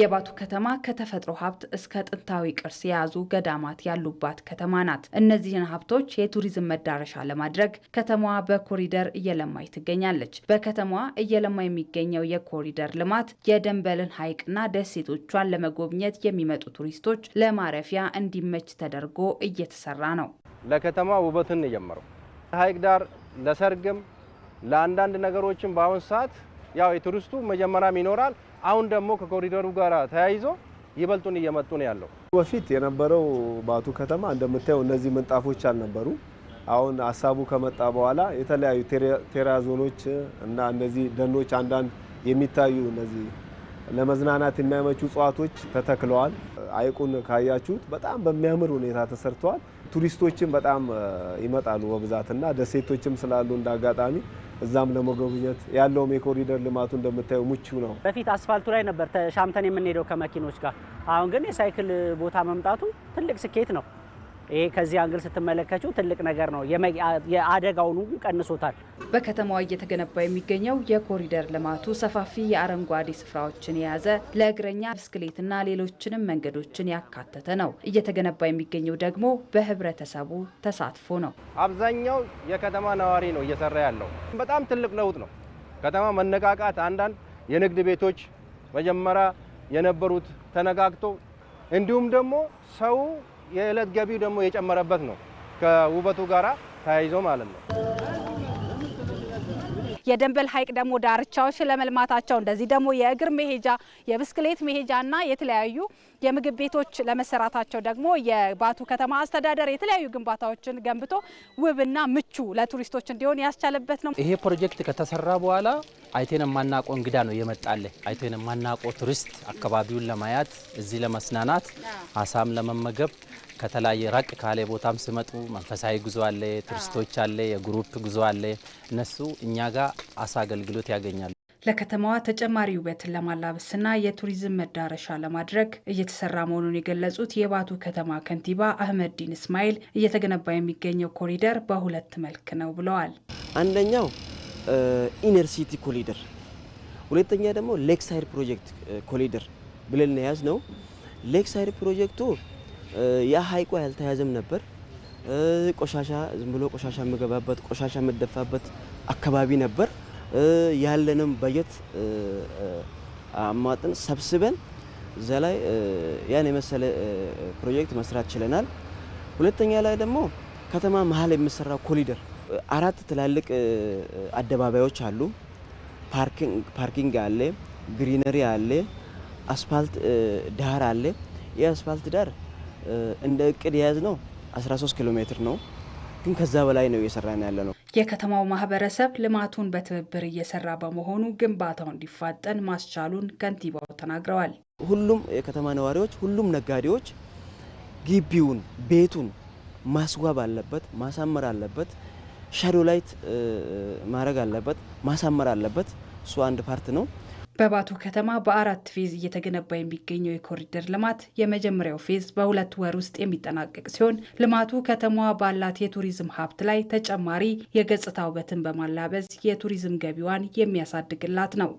የባቱ ከተማ ከተፈጥሮ ሀብት እስከ ጥንታዊ ቅርስ የያዙ ገዳማት ያሉባት ከተማ ናት። እነዚህን ሀብቶች የቱሪዝም መዳረሻ ለማድረግ ከተማዋ በኮሪደር እየለማች ትገኛለች። በከተማዋ እየለማ የሚገኘው የኮሪደር ልማት የደንበልን ሐይቅና ደሴቶቿን ለመጎብኘት የሚመጡ ቱሪስቶች ለማረፊያ እንዲመች ተደርጎ እየተሰራ ነው። ለከተማ ውበትን የጀመረው ሐይቅ ዳር ለሰርግም ለአንዳንድ ነገሮችም በአሁን ሰዓት ያው የቱሪስቱ መጀመሪያም ይኖራል አሁን ደግሞ ከኮሪደሩ ጋር ተያይዞ ይበልጡን እየመጡ ነው ያለው። በፊት የነበረው ባቱ ከተማ እንደምታየው እነዚህ ምንጣፎች አልነበሩ። አሁን ሀሳቡ ከመጣ በኋላ የተለያዩ ቴራዞኖች እና እነዚህ ደኖች፣ አንዳንድ የሚታዩ እነዚህ ለመዝናናት የሚያመቹ እጽዋቶች ተተክለዋል። ሐይቁን ካያችሁት በጣም በሚያምር ሁኔታ ተሰርተዋል። ቱሪስቶችም በጣም ይመጣሉ በብዛትና ደሴቶችም ስላሉ እንደ አጋጣሚ እዛም ለመጎብኘት ያለውም የኮሪደር ልማቱ እንደምታየው ምቹ ነው። በፊት አስፋልቱ ላይ ነበር ተሻምተን የምንሄደው ከመኪኖች ጋር። አሁን ግን የሳይክል ቦታ መምጣቱ ትልቅ ስኬት ነው። ይሄ ከዚህ አንግል ስትመለከቱ ትልቅ ነገር ነው። የአደጋውን ቀንሶታል። በከተማዋ እየተገነባ የሚገኘው የኮሪደር ልማቱ ሰፋፊ የአረንጓዴ ስፍራዎችን የያዘ ለእግረኛ ብስክሌትና ሌሎችንም መንገዶችን ያካተተ ነው። እየተገነባ የሚገኘው ደግሞ በህብረተሰቡ ተሳትፎ ነው። አብዛኛው የከተማ ነዋሪ ነው እየሰራ ያለው። በጣም ትልቅ ለውጥ ነው። ከተማ መነቃቃት፣ አንዳንድ የንግድ ቤቶች መጀመሪያ የነበሩት ተነጋግቶ እንዲሁም ደግሞ ሰው የዕለት ገቢው ደግሞ የጨመረበት ነው ከውበቱ ጋራ ተያይዞ ማለት ነው። የደንበል ሐይቅ ደግሞ ዳርቻዎች ለመልማታቸው እንደዚህ ደግሞ የእግር መሄጃ የብስክሌት መሄጃና የተለያዩ የምግብ ቤቶች ለመሰራታቸው ደግሞ የባቱ ከተማ አስተዳደር የተለያዩ ግንባታዎችን ገንብቶ ውብና ምቹ ለቱሪስቶች እንዲሆን ያስቻለበት ነው። ይሄ ፕሮጀክት ከተሰራ በኋላ አይቴን የማናቆ እንግዳ ነው የመጣለ። አይቴን የማናቆ ቱሪስት አካባቢውን ለማየት እዚህ ለመስናናት አሳም ለመመገብ ከተለያየ ራቅ ካለ ቦታም ስመጡ መንፈሳዊ ጉዞ አለ፣ ቱሪስቶች አለ፣ የግሩፕ ጉዞ አለ። እነሱ እኛ ጋር አሳ አገልግሎት ያገኛሉ። ለከተማዋ ተጨማሪ ውበትን ለማላበስና የቱሪዝም መዳረሻ ለማድረግ እየተሰራ መሆኑን የገለጹት የባቱ ከተማ ከንቲባ አህመድ ዲን እስማኤል እየተገነባ የሚገኘው ኮሪደር በሁለት መልክ ነው ብለዋል። አንደኛው ኢነርሲቲ ኮሪደር፣ ሁለተኛ ደግሞ ሌክሳይድ ፕሮጀክት ኮሪደር ብለን ያዝ ነው። ሌክሳይድ ፕሮጀክቱ ያ ሀይቁ ያልተያዘም ነበር። ቆሻሻ ዝም ብሎ ቆሻሻ የምገባበት ቆሻሻ የምደፋበት አካባቢ ነበር። ያለንም በጀት አማጥን ሰብስበን እዛ ላይ ያን የመሰለ ፕሮጀክት መስራት ችለናል። ሁለተኛ ላይ ደግሞ ከተማ መሀል የሚሰራው ኮሊደር አራት ትላልቅ አደባባዮች አሉ። ፓርኪንግ አለ፣ ግሪነሪ አለ፣ አስፋልት ዳር አለ። ይህ አስፋልት ዳር እንደ እቅድ የያዝ ነው 13 ኪሎ ሜትር ነው፣ ግን ከዛ በላይ ነው እየሰራን ያለ ነው። የከተማው ማህበረሰብ ልማቱን በትብብር እየሰራ በመሆኑ ግንባታው እንዲፋጠን ማስቻሉን ከንቲባው ተናግረዋል። ሁሉም የከተማ ነዋሪዎች፣ ሁሉም ነጋዴዎች ግቢውን ቤቱን ማስዋብ አለበት፣ ማሳመር አለበት፣ ሻዶ ላይት ማድረግ አለበት፣ ማሳመር አለበት። እሱ አንድ ፓርት ነው። በባቱ ከተማ በአራት ፌዝ እየተገነባ የሚገኘው የኮሪደር ልማት የመጀመሪያው ፌዝ በሁለት ወር ውስጥ የሚጠናቀቅ ሲሆን ልማቱ ከተማዋ ባላት የቱሪዝም ሀብት ላይ ተጨማሪ የገጽታ ውበትን በማላበስ የቱሪዝም ገቢዋን የሚያሳድግላት ነው።